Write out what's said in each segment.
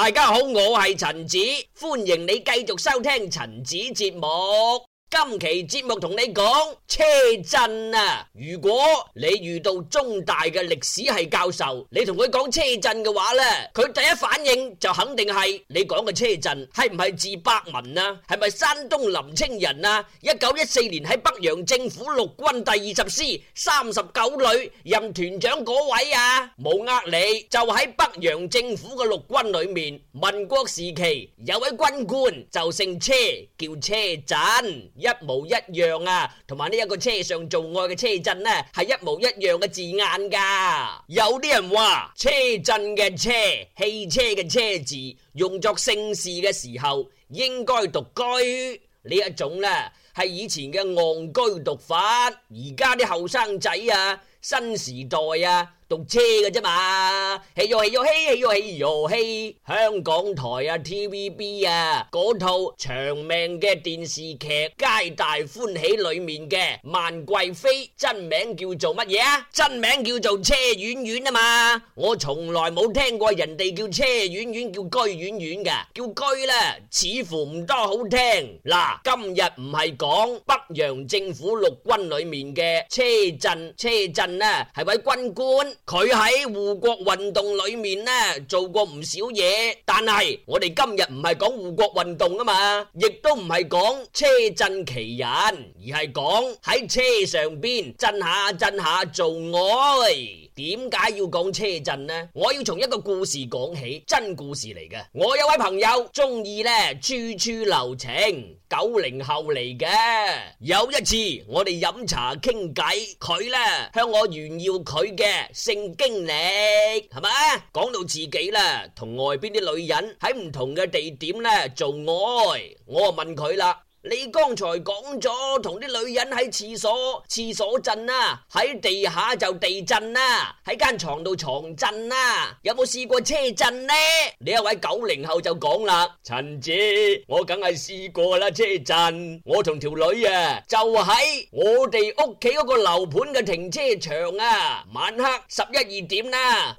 大家好，我係陳子，歡迎你繼續收聽陳子節目。今期節目同你講車震啊！如果你遇到中大嘅歷史系教授，你同佢講車震嘅話呢，佢第一反應就肯定係你講嘅車震係唔係字百文啊？係咪山東臨清人啊？一九一四年喺北洋政府陸軍第二十師三十九旅任團長嗰位啊？冇呃你，就喺北洋政府嘅陸軍裏面，民國時期有位軍官就姓車，叫車震。一模一樣啊，同埋呢一個車上做愛嘅車震咧、啊，係一模一樣嘅字眼噶。有啲人話車震嘅車，汽車嘅車字用作姓氏嘅時候應該讀居呢一種呢、啊、係以前嘅戇居讀法。而家啲後生仔啊～新時代啊，讀車嘅啫嘛，嘿喲嘿喲嘿，嘿喲嘿喲嘿。香港台啊，TVB 啊，嗰套長命嘅電視劇《皆大歡喜》裏面嘅萬貴妃，真名叫做乜嘢啊？真名叫做車婉婉啊嘛，我從來冇聽過人哋叫車婉婉，叫居婉婉嘅，叫居啦，似乎唔多好聽。嗱，今日唔係講北洋政府陸軍裏面嘅車震，車震。係位軍官，佢喺護國運動裏面呢做過唔少嘢，但係我哋今日唔係講護國運動啊嘛，亦都唔係講車震其人，而係講喺車上邊震下震下做愛。點解要講車震呢？我要從一個故事講起，真故事嚟嘅。我有位朋友中意呢處處留情，九零後嚟嘅。有一次我哋飲茶傾偈，佢呢向我。我炫耀佢嘅性經歷，係咪？講到自己啦，同外邊啲女人喺唔同嘅地點咧做愛，我就問佢啦。你剛才講咗同啲女人喺廁所廁所震啊，喺地下就地震啊，喺間床度床震啊，有冇試過車震呢？你一位九零後就講啦，陳姐，我梗係試過啦車震，我同條女啊就喺我哋屋企嗰個樓盤嘅停車場啊，晚黑十一二點啦，啊，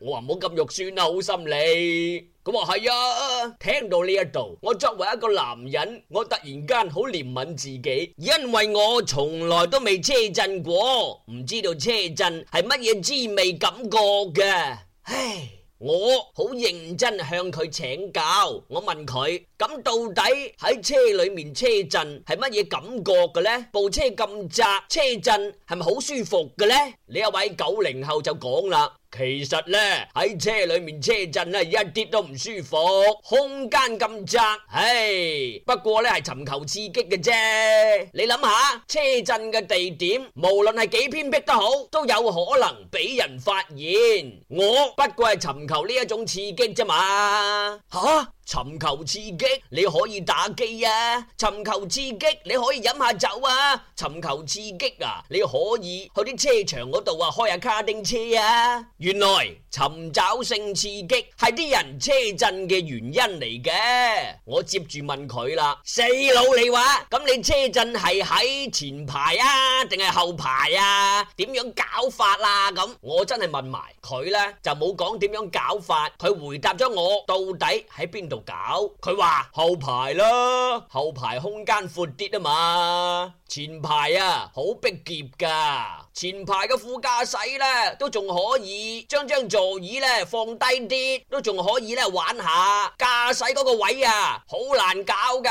我話唔好咁肉酸啊，好心理。佢話係呀，聽到呢一度，我作為一個男人，我突然間好憐憫自己，因為我從來都未車震過，唔知道車震係乜嘢滋味感覺嘅。唉，我好認真向佢請教，我問佢咁到底喺車裏面車震係乜嘢感覺嘅呢？部車咁窄，車震係咪好舒服嘅呢？呢一位九零後就講啦。其實呢，喺車裏面車震呢一啲都唔舒服，空間咁窄，唉、哎。不過呢係尋求刺激嘅啫。你諗下，車震嘅地點無論係幾偏僻都好，都有可能俾人發現。我不過係尋求呢一種刺激啫嘛。吓、啊？尋求刺激，你可以打機啊！尋求刺激，你可以飲下酒啊！尋求刺激啊，你可以去啲車場嗰度啊，開下卡丁車啊！原來尋找性刺激係啲人車震嘅原因嚟嘅。我接住問佢啦，死佬你話，咁你車震係喺前排啊，定係後排啊？點樣搞法啦，啊？咁我真係問埋佢咧，就冇講點樣搞法。佢回答咗我，到底喺邊度？搞，佢話後排咯，後排空間闊啲啊嘛，前排啊好逼劫噶。前排嘅副駕駛咧都仲可以，將張座椅咧放低啲都仲可以咧玩下。駕駛嗰個位啊好難搞噶，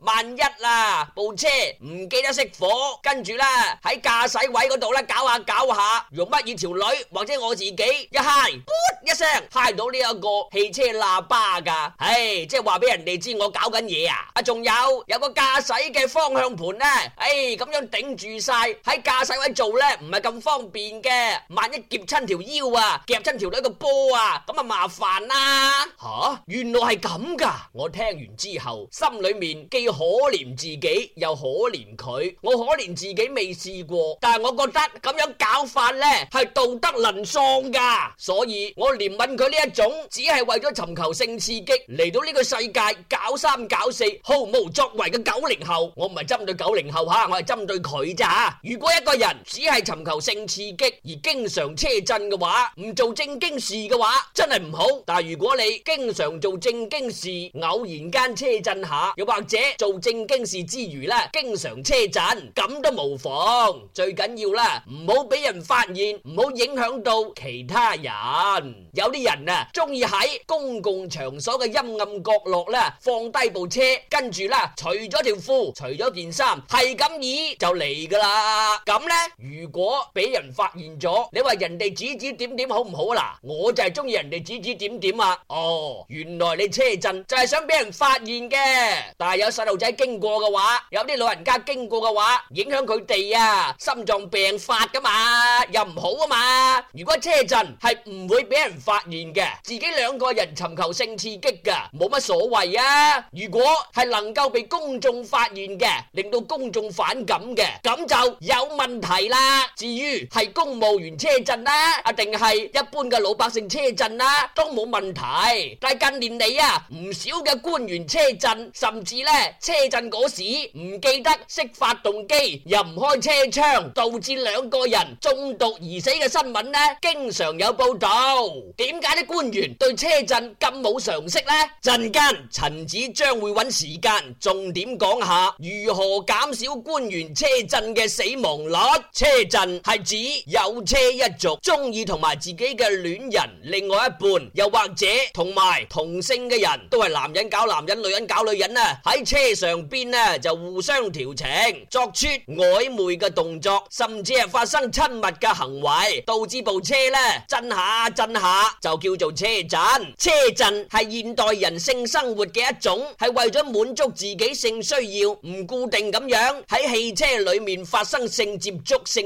萬一啊部車唔記得熄火，跟住咧喺駕駛位嗰度咧搞下搞下，用乜嘢條女或者我自己一嗨，噗一聲嗨到呢一個汽車喇叭噶，唉、哎、即係話俾人哋知我搞緊嘢啊！啊仲有有個駕駛嘅方向盤咧，誒、哎、咁樣頂住晒喺駕駛位做啦。唔係咁方便嘅，萬一夾親條腰啊，夾親條女個波啊，咁啊麻煩啦。吓，原來係咁噶。我聽完之後，心裏面既可憐自己又可憐佢。我可憐自己未試過，但係我覺得咁樣搞法呢係道德淪喪噶。所以我憐憫佢呢一種，只係為咗尋求性刺激嚟到呢個世界搞三搞四，毫無作為嘅九零後。我唔係針對九零後吓，我係針對佢咋吓。如果一個人只，即係尋求性刺激而經常車震嘅話，唔做正經事嘅話，真係唔好。但係如果你經常做正經事，偶然間車震下，又或者做正經事之餘咧，經常車震咁都無妨。最緊要啦，唔好俾人發現，唔好影響到其他人。有啲人啊，中意喺公共場所嘅陰暗角落咧，放低部車，跟住啦，除咗條褲，除咗件衫，係咁以就嚟噶啦。咁咧，如如果俾人發現咗，你話人哋指指點點好唔好啊？我就係中意人哋指指點點啊！哦，原來你車震就係想俾人發現嘅，但係有細路仔經過嘅話，有啲老人家經過嘅話，影響佢哋啊，心臟病發噶嘛，又唔好啊嘛。如果車震係唔會俾人發現嘅，自己兩個人尋求性刺激噶，冇乜所謂啊。如果係能夠被公眾發現嘅，令到公眾反感嘅，咁就有問題啦。至於係公務員車震啦、啊，啊定係一般嘅老百姓車震啦、啊，都冇問題。但係近年嚟啊，唔少嘅官員車震，甚至咧車震嗰時唔記得熄發動機，又唔開車窗，導致兩個人中毒而死嘅新聞呢，經常有報道。點解啲官員對車震咁冇常識呢？陣間陳子將會揾時間重點講下如何減少官員車震嘅死亡率。車車震係指有車一族中意同埋自己嘅戀人、另外一半，又或者同埋同性嘅人都係男人搞男人、女人搞女人啊！喺車上邊呢、啊、就互相調情、作出曖昧嘅動作，甚至係發生親密嘅行為，導致部車呢震下震下就叫做車震。車震係現代人性生活嘅一種，係為咗滿足自己性需要，唔固定咁樣喺汽車裏面發生性接觸性。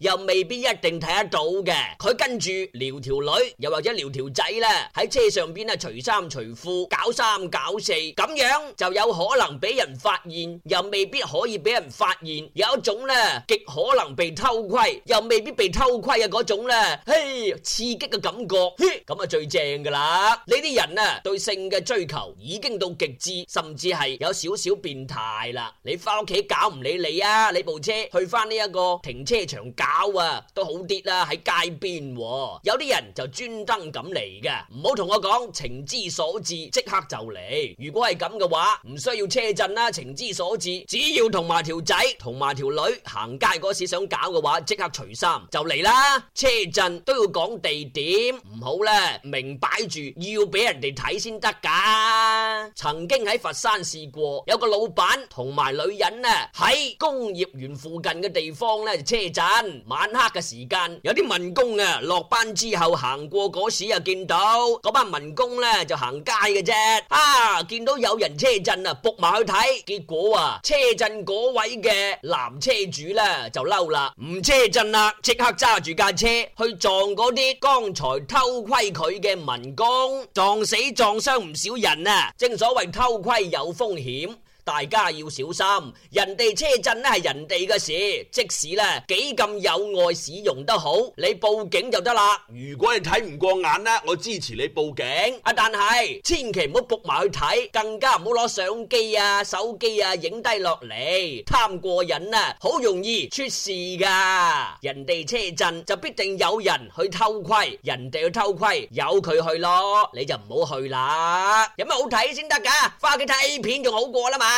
又未必一定睇得到嘅，佢跟住撩條女，又或者撩條仔啦，喺車上邊啦，除衫除褲，搞三搞四，咁樣就有可能俾人發現，又未必可以俾人發現，有一種咧極可能被偷窺，又未必被偷窺嘅嗰種咧，嘿，刺激嘅感覺，咁啊最正噶啦！呢啲人啊，對性嘅追求已經到極致，甚至係有少少變態啦。你翻屋企搞唔理你啊，你部車去翻呢一個停車場。搞啊，都好啲啦，啊，喺街邊，啊，有啲人就專登咁嚟嘅，唔好同我講情之所至，即刻就嚟。如果係咁嘅話，唔需要車震啦，情之所至，啊，只要同埋條仔，同埋條女，女行街嗰時想搞嘅話，即刻除衫就嚟啦。車震都要講地點，唔好啦，明擺住要俾人哋睇先得噶。曾經喺佛山試過，有個老闆同埋女人呢，啊，喺工業園附近嘅地方咧車震。晚黑嘅時間，有啲民工啊，落班之後行過嗰時，又見到嗰班民工呢就行街嘅啫。啊，見到有人車震啊，撲埋去睇，結果啊，車震嗰位嘅男車主呢就嬲啦，唔車震啦，即刻揸住架車去撞嗰啲剛才偷窺佢嘅民工，撞死撞傷唔少人啊！正所謂偷窺有風險。大家要小心，人哋車震咧係人哋嘅事，即使咧幾咁有礙市容都好，你報警就得啦。如果你睇唔過眼咧，我支持你報警。啊，但係千祈唔好仆埋去睇，更加唔好攞相機啊、手機啊影低落嚟，貪過癮啊，好容易出事噶。人哋車震就必定有人去偷窺，人哋去偷窺，由佢去咯，你就唔好去啦。有咩好睇先得噶？返屋企睇片仲好過啦嘛。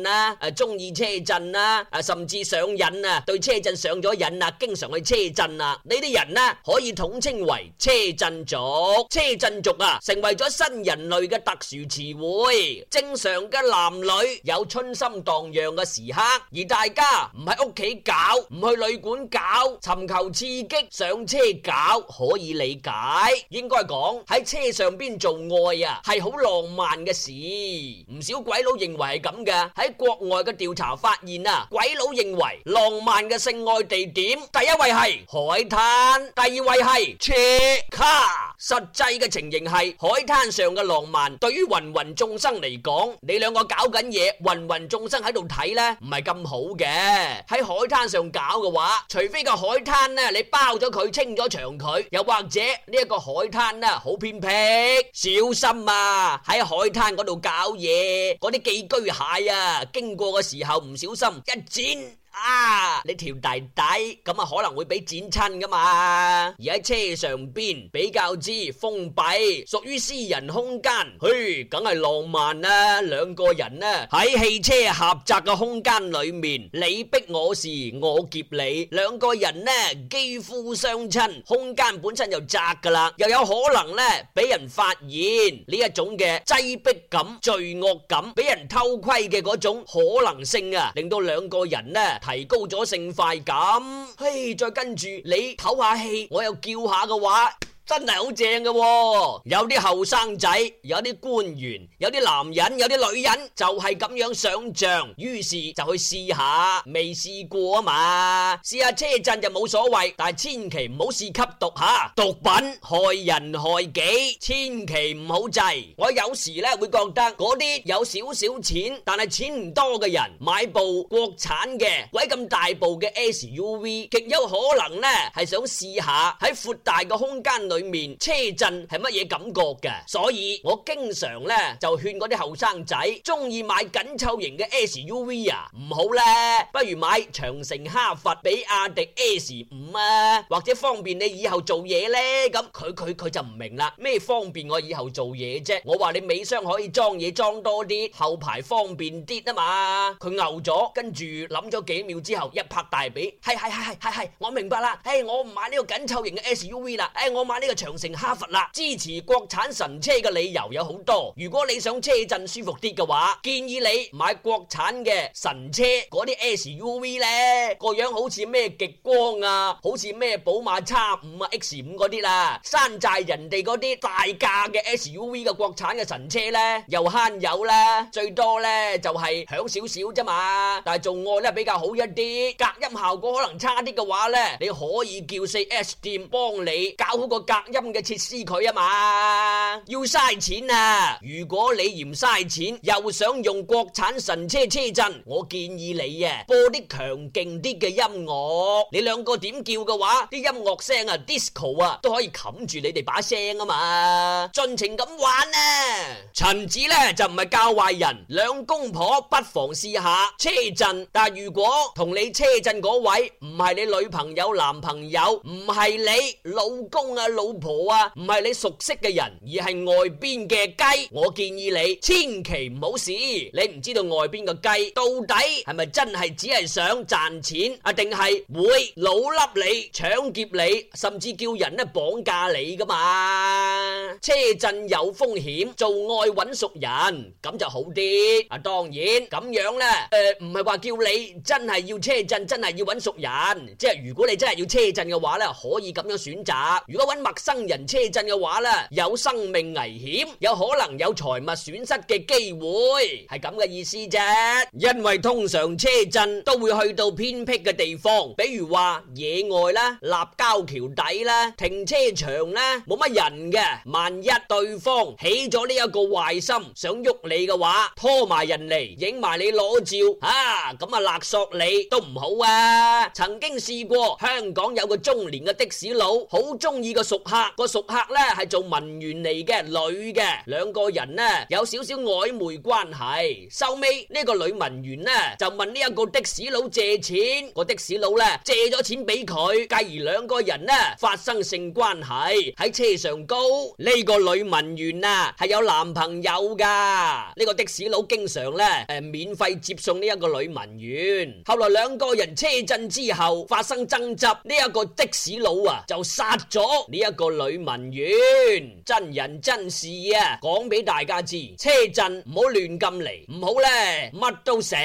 啦，誒、啊，中意車震啦、啊，誒、啊，甚至上癮啊，對車震上咗癮啊，經常去車震啊，呢啲人呢、啊、可以統稱為車震族。車震族啊，成為咗新人類嘅特殊詞彙。正常嘅男女有春心蕩漾嘅時刻，而大家唔喺屋企搞，唔去旅館搞，尋求刺激上車搞可以理解。應該講喺車上邊做愛啊，係好浪漫嘅事。唔少鬼佬認為係咁嘅，喺國外嘅調查發現啊，鬼佬認為浪漫嘅性愛地點第一位係海灘，第二位係車卡。實際嘅情形係海灘上嘅浪漫，對於芸芸眾生嚟講，你兩個搞緊嘢，芸芸眾生喺度睇呢，唔係咁好嘅。喺海灘上搞嘅話，除非個海灘呢你包咗佢清咗場佢，又或者呢一個海灘呢好偏僻，小心啊！喺海灘嗰度搞嘢，嗰啲寄居蟹啊！經過嘅時候唔小心一剪。啊！你條弟弟咁啊，可能會俾剪親噶嘛？而喺車上邊比較之封閉，屬於私人空間。嘿，梗係浪漫啦，啊！兩個人呢，啊、喺汽車狹窄嘅空間裏面，你逼我時，我劫你。兩個人呢肌膚相親，空間本身就窄噶啦，又有可能呢俾人發現呢一種嘅擠迫感、罪惡感，俾人偷窺嘅嗰種可能性啊，令到兩個人呢。提高咗性快感，嘿，再跟住你唞下氣，我又叫下嘅話。真係好正嘅、哦，有啲後生仔，有啲官員，有啲男人，有啲女人，就係、是、咁樣想象，於是就去試下，未試過啊嘛，試下車震就冇所謂，但係千祈唔好試吸毒吓，毒品害人害己，千祈唔好制。我有時咧會覺得嗰啲有少少錢，但係錢唔多嘅人買部國產嘅鬼咁大部嘅 SUV，極有可能咧係想試下喺闊大嘅空間。裏面車震係乜嘢感覺嘅，所以我經常咧就勸嗰啲後生仔中意買緊湊型嘅 SUV 啊，唔好咧，不如買長城哈弗比亞迪 S 五啊，或者方便你以後做嘢呢。咁。佢佢佢就唔明啦，咩方便我以後做嘢啫？我話你尾箱可以裝嘢裝多啲，後排方便啲啊嘛。佢牛咗，跟住諗咗幾秒之後一拍大髀，係係係係係係，我明白啦。誒，我唔買呢個緊湊型嘅 SUV 啦，誒，我買。呢個長城哈佛啦，支持國產神車嘅理由有好多。如果你想車震舒服啲嘅話，建議你買國產嘅神車，嗰啲 SUV 呢，個樣好似咩極光啊，好似咩寶馬 X 五啊 X 五嗰啲啦，山寨人哋嗰啲大價嘅 SUV 嘅國產嘅神車呢，又慳油啦，最多呢就係、是、響少少咋嘛。但係做愛呢，比較好一啲，隔音效果可能差啲嘅話呢，你可以叫四 S 店幫你搞好個。隔音嘅設施佢啊嘛，要嘥錢啊！如果你嫌嘥錢，又想用國產神車車震，我建議你啊，播啲強勁啲嘅音樂。你兩個點叫嘅話，啲音樂聲啊，disco 啊，都可以冚住你哋把聲啊嘛，盡情咁玩啊！陳子呢就唔係教壞人，兩公婆不妨試下車震。但係如果同你車震嗰位唔係你女朋友、男朋友，唔係你老公啊，老老婆啊，唔係你熟悉嘅人，而係外邊嘅雞。我建議你千祈唔好試，你唔知道外邊個雞到底係咪真係只係想賺錢啊，定係會老笠你、搶劫你，甚至叫人咧綁架你噶嘛？車震有風險，做愛搵熟人咁就好啲。啊，當然咁樣咧，誒，唔係話叫你真係要車震，真係要搵熟人。即係如果你真係要車震嘅話咧，可以咁樣選擇。如果搵物，陌生人車震嘅話啦，有生命危險，有可能有財物損失嘅機會，係咁嘅意思啫。因為通常車震都會去到偏僻嘅地方，比如話野外啦、立交橋底啦、停車場啦，冇乜人嘅。萬一對方起咗呢一個壞心，想喐你嘅話，拖埋人嚟，影埋你裸照，啊咁啊勒索你都唔好啊。曾經試過，香港有個中年嘅的士佬好中意個熟。客，個熟客咧，係做文員嚟嘅，女嘅，兩個人呢有少少曖昧關係。收尾呢個女文員呢就問呢一個的士佬借錢，個的士佬呢借咗錢俾佢，繼而兩個人呢發生性關係喺車上高。呢個女文員啊係有男朋友噶，呢個的士佬經常呢誒，免費接送呢一個女文員，後來兩個人車震之後發生爭執，呢一個的士佬啊就殺咗呢一。一個女文員，真人真事啊，講俾大家知。車震唔好亂咁嚟，唔好呢乜都食，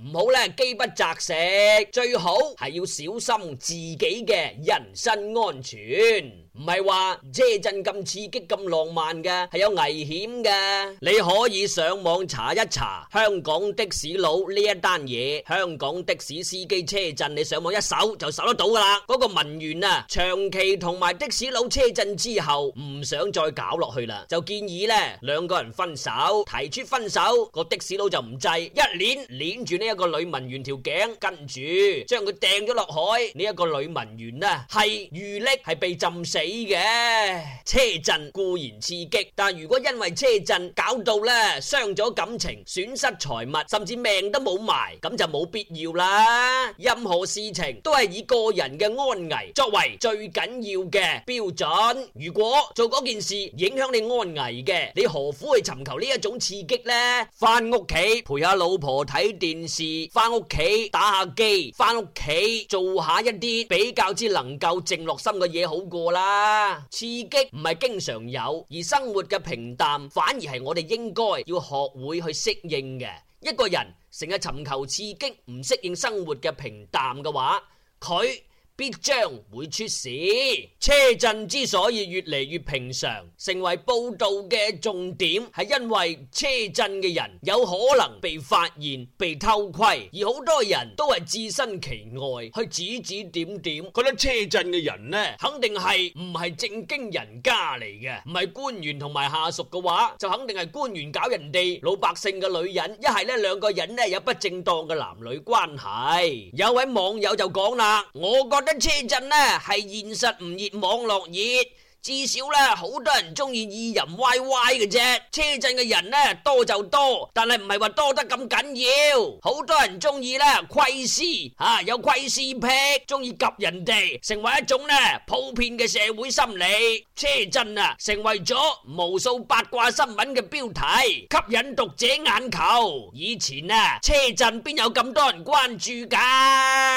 唔好呢飢不擇食，最好係要小心自己嘅人身安全。唔係話車震咁刺激咁浪漫嘅，係有危險嘅。你可以上網查一查香港的士佬呢一單嘢，香港的士司機車震，你上網一搜就搜得到噶啦。嗰個文員啊，長期同埋的士佬車震之後，唔想再搞落去啦，就建議咧兩個人分手，提出分手，嗰個的士佬就唔制，一捻捻住呢一個女文員條頸，跟住將佢掟咗落海。呢一個女文員啊，係遇溺，係被浸死。嘅車震固然刺激，但如果因為車震搞到咧傷咗感情，損失財物，甚至命都冇埋，咁就冇必要啦。任何事情都係以個人嘅安危作為最緊要嘅標準。如果做嗰件事影響你安危嘅，你何苦去尋求呢一種刺激呢？翻屋企陪下老婆睇電視，翻屋企打下機，翻屋企做下一啲比較之能夠靜落心嘅嘢，好過啦。啊！刺激唔係經常有，而生活嘅平淡反而係我哋應該要學會去適應嘅。一個人成日尋求刺激，唔適應生活嘅平淡嘅話，佢。必將會出事。車震之所以越嚟越平常，成為報道嘅重點，係因為車震嘅人有可能被發現、被偷窺，而好多人都係置身其外去指指點點。覺得車震嘅人呢，肯定係唔係正經人家嚟嘅，唔係官員同埋下屬嘅話，就肯定係官員搞人哋老百姓嘅女人。一係呢兩個人呢有不正當嘅男女關係。有位網友就講啦，我覺得。架車震呢、啊，係現實唔熱，網絡熱。至少咧，好多人中意意淫歪歪嘅啫。車震嘅人呢，多就多，但係唔係話多得咁緊要。好多人中意咧窺私吓，有窺私癖，中意及人哋，成為一種咧普遍嘅社會心理。車震啊，成為咗無數八卦新聞嘅標題，吸引讀者眼球。以前啊，車震邊有咁多人關注噶？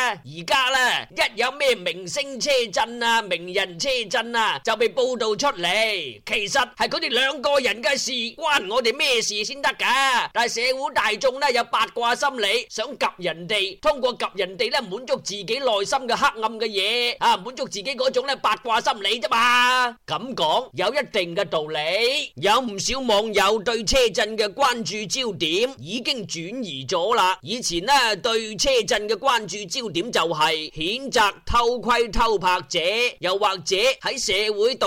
而家咧，一有咩明星車震啊、名人車震啊，就被報道出嚟，其實係佢哋兩個人嘅事，關我哋咩事先得噶？但係社會大眾咧有八卦心理，想及人哋，通過及人哋咧滿足自己內心嘅黑暗嘅嘢啊，滿足自己嗰種咧八卦心理啫嘛。咁講有一定嘅道理，有唔少網友對車震嘅關注焦點已經轉移咗啦。以前咧對車震嘅關注焦點就係譴責偷窺偷拍者，又或者喺社會度。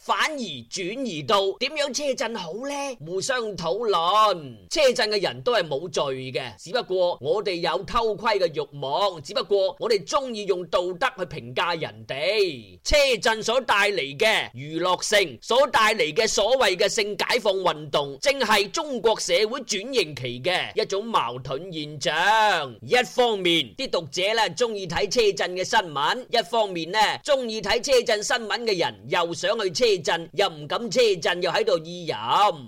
反而轉移到點樣車震好呢？互相討論車震嘅人都係冇罪嘅，只不過我哋有偷窺嘅慾望，只不過我哋中意用道德去評價人哋。車震所帶嚟嘅娛樂性，所帶嚟嘅所謂嘅性解放運動，正係中國社會轉型期嘅一種矛盾現象。一方面啲讀者咧中意睇車震嘅新聞，一方面呢中意睇車震新聞嘅人又想。去車震又唔敢車震，又喺度意淫。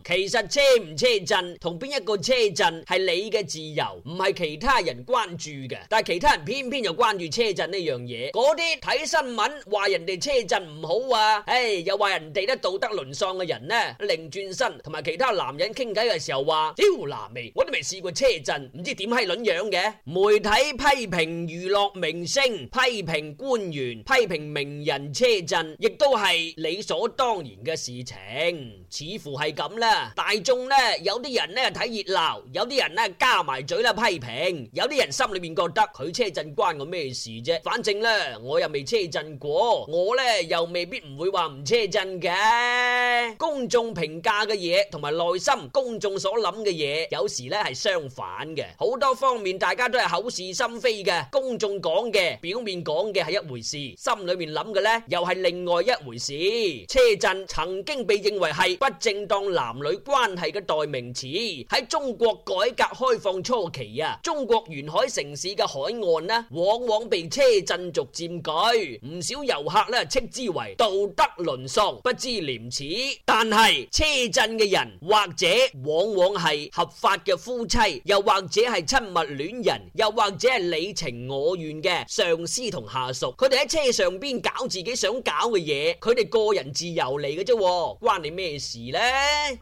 其實車唔車震，同邊一個車震係你嘅自由，唔係其他人關注嘅。但係其他人偏偏又關注車震呢樣嘢。嗰啲睇新聞話人哋車震唔好啊，唉，又話人哋啲道德淪喪嘅人呢，另轉身同埋其他男人傾偈嘅時候話，妖嗱未，我都未試過車震，唔知點閪卵樣嘅。媒體批評娛樂明星，批評官員，批評名人車震，亦都係你所當然嘅事情，似乎係咁啦。大眾咧，有啲人咧睇熱鬧，有啲人咧加埋嘴啦，批評，有啲人心裏面覺得佢車震關我咩事啫？反正啦，我又未車震過，我咧又未必唔會話唔車震嘅。公眾評價嘅嘢同埋內心公眾所諗嘅嘢，有時咧係相反嘅。好多方面，大家都係口是心非嘅。公眾講嘅、表面講嘅係一回事，心裏面諗嘅咧又係另外一回事。車震曾經被認為係不正當男女關係嘅代名詞，喺中國改革開放初期啊，中國沿海城市嘅海岸呢，往往被車震族佔據，唔少遊客呢稱之為道德淪喪、不知廉恥。但係車震嘅人，或者往往係合法嘅夫妻，又或者係親密戀人，又或者係你情我願嘅上司同下屬，佢哋喺車上邊搞自己想搞嘅嘢，佢哋個人。自由嚟嘅啫，關你咩事咧？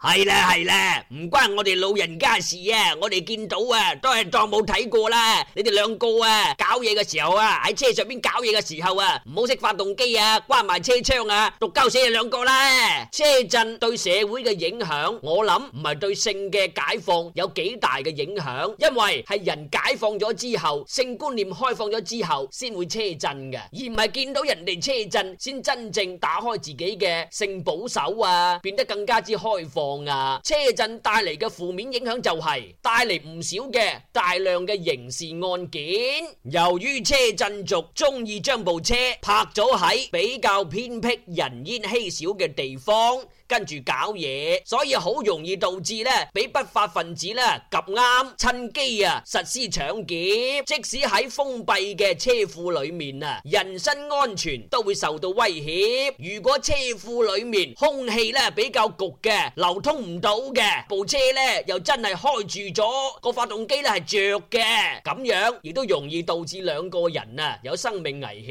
係啦係啦，唔關我哋老人家事啊！我哋見到啊，都係當冇睇過啦。你哋兩個啊，搞嘢嘅時候啊，喺車上邊搞嘢嘅時候啊，唔好熄發動機啊，關埋車窗啊，讀鳩死啊兩個啦！車震對社會嘅影響，我諗唔係對性嘅解放有幾大嘅影響，因為係人解放咗之後，性觀念開放咗之後，先會車震嘅，而唔係見到人哋車震先真正打開自己嘅性保守啊，變得更加之開放啊。車震帶嚟嘅負面影響就係帶嚟唔少嘅大量嘅刑事案件。由於車震族中意將部車泊咗喺比較偏僻、人煙稀少嘅地方。跟住搞嘢，所以好容易導致咧，俾不法分子咧夾啱趁機啊實施搶劫。即使喺封閉嘅車庫裏面啊，人身安全都會受到威脅。如果車庫裏面空氣咧比較焗嘅，流通唔到嘅，部車咧又真係開住咗個發動機咧係着嘅，咁樣亦都容易導致兩個人啊有生命危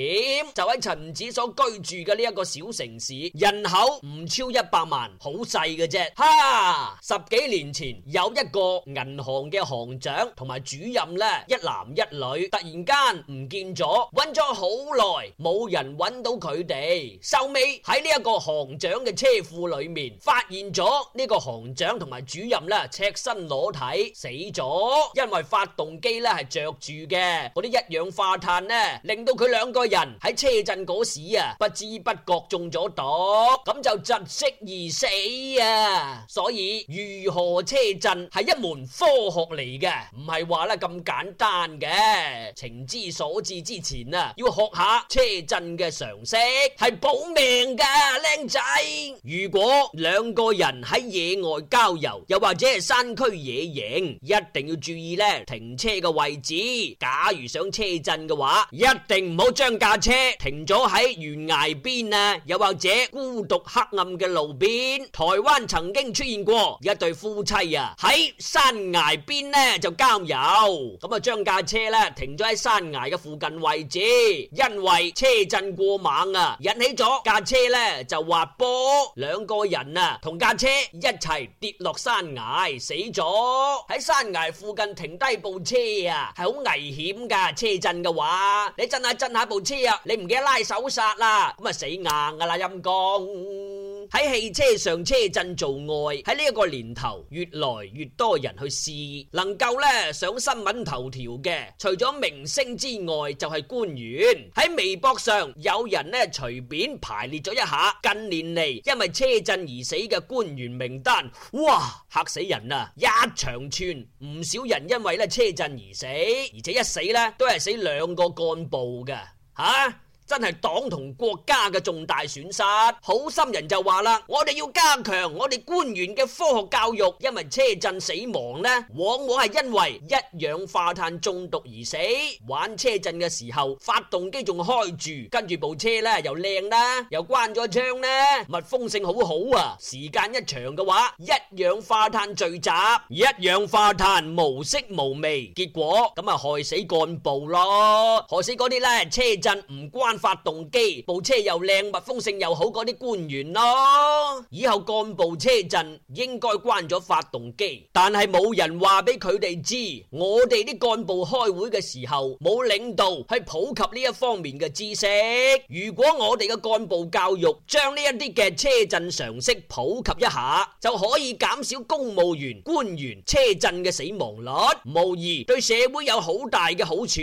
險。就喺陳子所居住嘅呢一個小城市，人口唔超一百。萬好細嘅啫，哈！十幾年前有一個銀行嘅行長同埋主任咧，一男一女突然間唔見咗，搵咗好耐冇人搵到佢哋，後尾喺呢一個行長嘅車庫裏面發現咗呢個行長同埋主任咧赤身裸體死咗。因為發動機咧係着住嘅，嗰啲一氧化碳咧令到佢兩個人喺車震嗰時啊不知不覺中咗毒，咁就窒息。而死啊！所以如何車震係一門科學嚟嘅，唔係話咧咁簡單嘅。情之所至之前啊，要學下車震嘅常識，係保命㗎，靚仔。如果兩個人喺野外郊遊，又或者係山區野營，一定要注意咧停車嘅位置。假如想車震嘅話，一定唔好將架車停咗喺懸崖邊啊，又或者孤獨黑暗嘅路。邊台灣曾經出現過一對夫妻啊，喺山崖邊呢就郊遊，咁啊將架車咧停咗喺山崖嘅附近位置，因為車震過猛啊，引起咗架車咧就滑坡，兩個人啊同架車一齊跌落山崖死咗。喺山崖附近停低部車啊，係好危險噶，車震嘅話，你震下震下部車啊，你唔記得拉手剎啦，咁啊死硬噶啦陰公喺氣。車上車震做愛喺呢一個年頭，越來越多人去試，能夠咧上新聞頭條嘅，除咗明星之外，就係官員。喺微博上有人咧隨便排列咗一下近年嚟因為車震而死嘅官員名單，哇吓死人啊！一長串，唔少人因為咧車震而死，而且一死呢，都係死兩個幹部嘅，吓。真係黨同國家嘅重大損失。好心人就話啦，我哋要加強我哋官員嘅科學教育，因為車震死亡咧，往往係因為一氧化碳中毒而死。玩車震嘅時候，發動機仲開住，跟住部車咧又靚啦，又關咗窗咧，密封性好好啊。時間一長嘅話，一氧化碳聚集，一氧化碳無色無味，結果咁啊害死幹部咯，害死嗰啲咧車震唔關。發動機部車又靚，密封性又好嗰啲官員咯，以後幹部車震應該關咗發動機，但係冇人話俾佢哋知。我哋啲幹部開會嘅時候冇領導去普及呢一方面嘅知識。如果我哋嘅幹部教育將呢一啲嘅車震常識普及一下，就可以減少公務員、官員車震嘅死亡率，無疑對社會有好大嘅好處。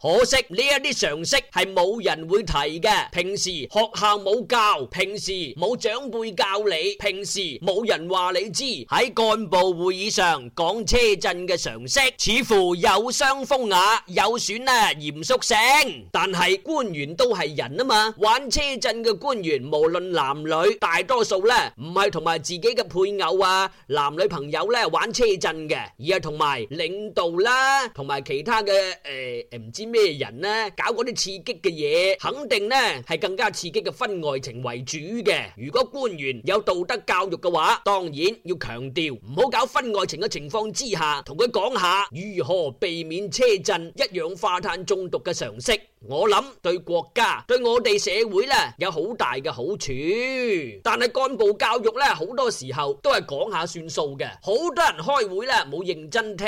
可惜呢一啲常識係冇人會會提嘅，平時學校冇教，平時冇長輩教你，平時冇人話你知，喺幹部會議上講車震嘅常識，似乎有傷風雅，有損啊嚴肅性。但係官員都係人啊嘛，玩車震嘅官員無論男女，大多數咧唔係同埋自己嘅配偶啊男女朋友咧玩車震嘅，而係同埋領導啦，同埋其他嘅誒誒唔知咩人咧搞嗰啲刺激嘅嘢。肯定咧係更加刺激嘅婚外情為主嘅。如果官員有道德教育嘅話，當然要強調唔好搞婚外情嘅情況之下，同佢講下如何避免車震一氧化碳中毒嘅常識。我諗對國家對我哋社會咧有好大嘅好處。但係幹部教育咧好多時候都係講下算數嘅，好多人開會咧冇認真聽。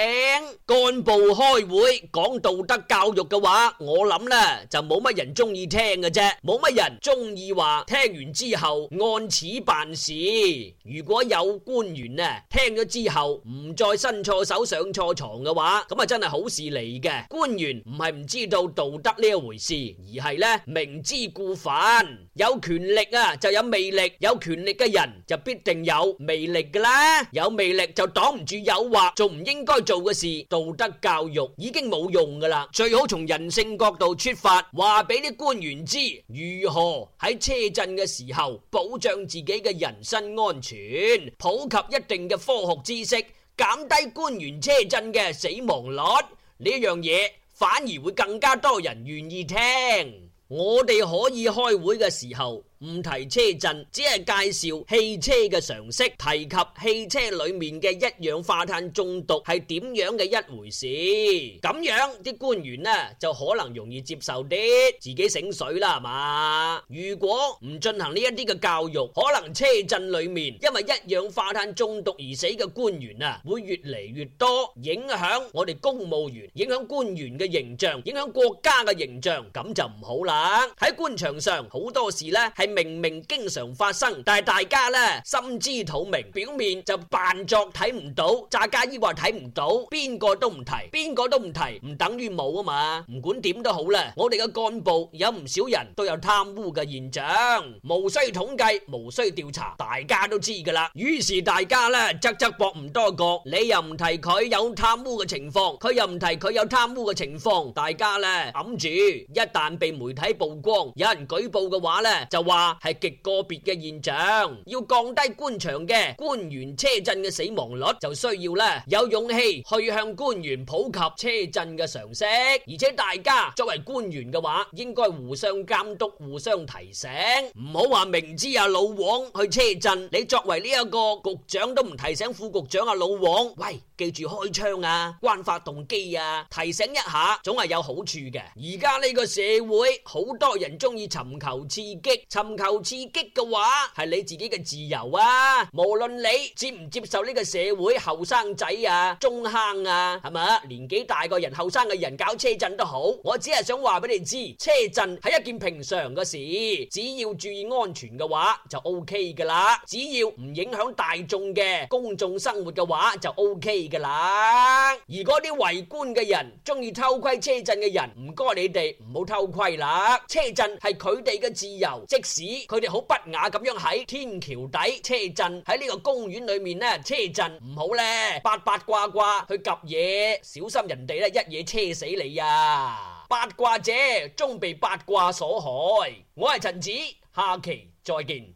幹部開會講道德教育嘅話，我諗咧就冇乜人中意聽嘅啫，冇乜人中意話聽完之後按此辦事。如果有官員呢聽咗之後唔再伸錯手上錯床嘅話，咁啊真係好事嚟嘅。官員唔係唔知道道德呢一回事，而係呢明知故犯。有權力啊就有魅力，有權力嘅人就必定有魅力噶啦。有魅力就擋唔住誘惑，做唔應該做嘅事。道德教育已經冇用噶啦，最好從人性角度出發，話俾啲官。官員知如何喺車震嘅時候保障自己嘅人身安全，普及一定嘅科學知識，減低官員車震嘅死亡率。呢樣嘢，反而會更加多人願意聽。我哋可以開會嘅時候。唔提車震，只係介紹汽車嘅常識，提及汽車裏面嘅一氧化碳中毒係點樣嘅一回事，咁樣啲官員呢就可能容易接受啲，自己醒水啦，係嘛？如果唔進行呢一啲嘅教育，可能車震裏面因為一氧化碳中毒而死嘅官員啊，會越嚟越多，影響我哋公務員，影響官員嘅形象，影響國家嘅形象，咁就唔好啦。喺官場上好多事呢係。明明經常發生，但係大家咧心知肚明，表面就扮作睇唔到，詐假意話睇唔到，邊個都唔提，邊個都唔提，唔等於冇啊嘛。唔管點都好啦，我哋嘅幹部有唔少人都有貪污嘅現象，無需統計，無需調查，大家都知噶啦。於是大家咧側側膊唔多覺，你又唔提佢有貪污嘅情況，佢又唔提佢有貪污嘅情況，大家咧冚住。一旦被媒體曝光，有人舉報嘅話咧，就話。係極個別嘅現象，要降低官場嘅官員車震嘅死亡率，就需要咧有勇氣去向官員普及車震嘅常識。而且大家作為官員嘅話，應該互相監督、互相提醒，唔好話明知阿老王去車震，你作為呢一個局長都唔提醒副局長阿老王，喂，記住開窗啊，關發動機啊，提醒一下總係有好處嘅。而家呢個社會好多人中意尋求刺激，尋。尋求刺激嘅話係你自己嘅自由啊！無論你接唔接受呢個社會後生仔啊、中坑啊，係咪啊？年紀大嘅人、後生嘅人搞車震都好，我只係想話俾你知，車震係一件平常嘅事，只要注意安全嘅話就 O K 噶啦。只要唔影響大眾嘅公眾生活嘅話就 O K 噶啦。而嗰啲圍觀嘅人、中意偷窺車震嘅人，唔該你哋唔好偷窺啦。車震係佢哋嘅自由，即使佢哋好不雅咁樣喺天橋底車震，喺呢個公園裏面車咧車震唔好呢。八八卦卦去及嘢，小心人哋咧一嘢車死你啊！八卦者終被八卦所害。我係陳子，下期再見。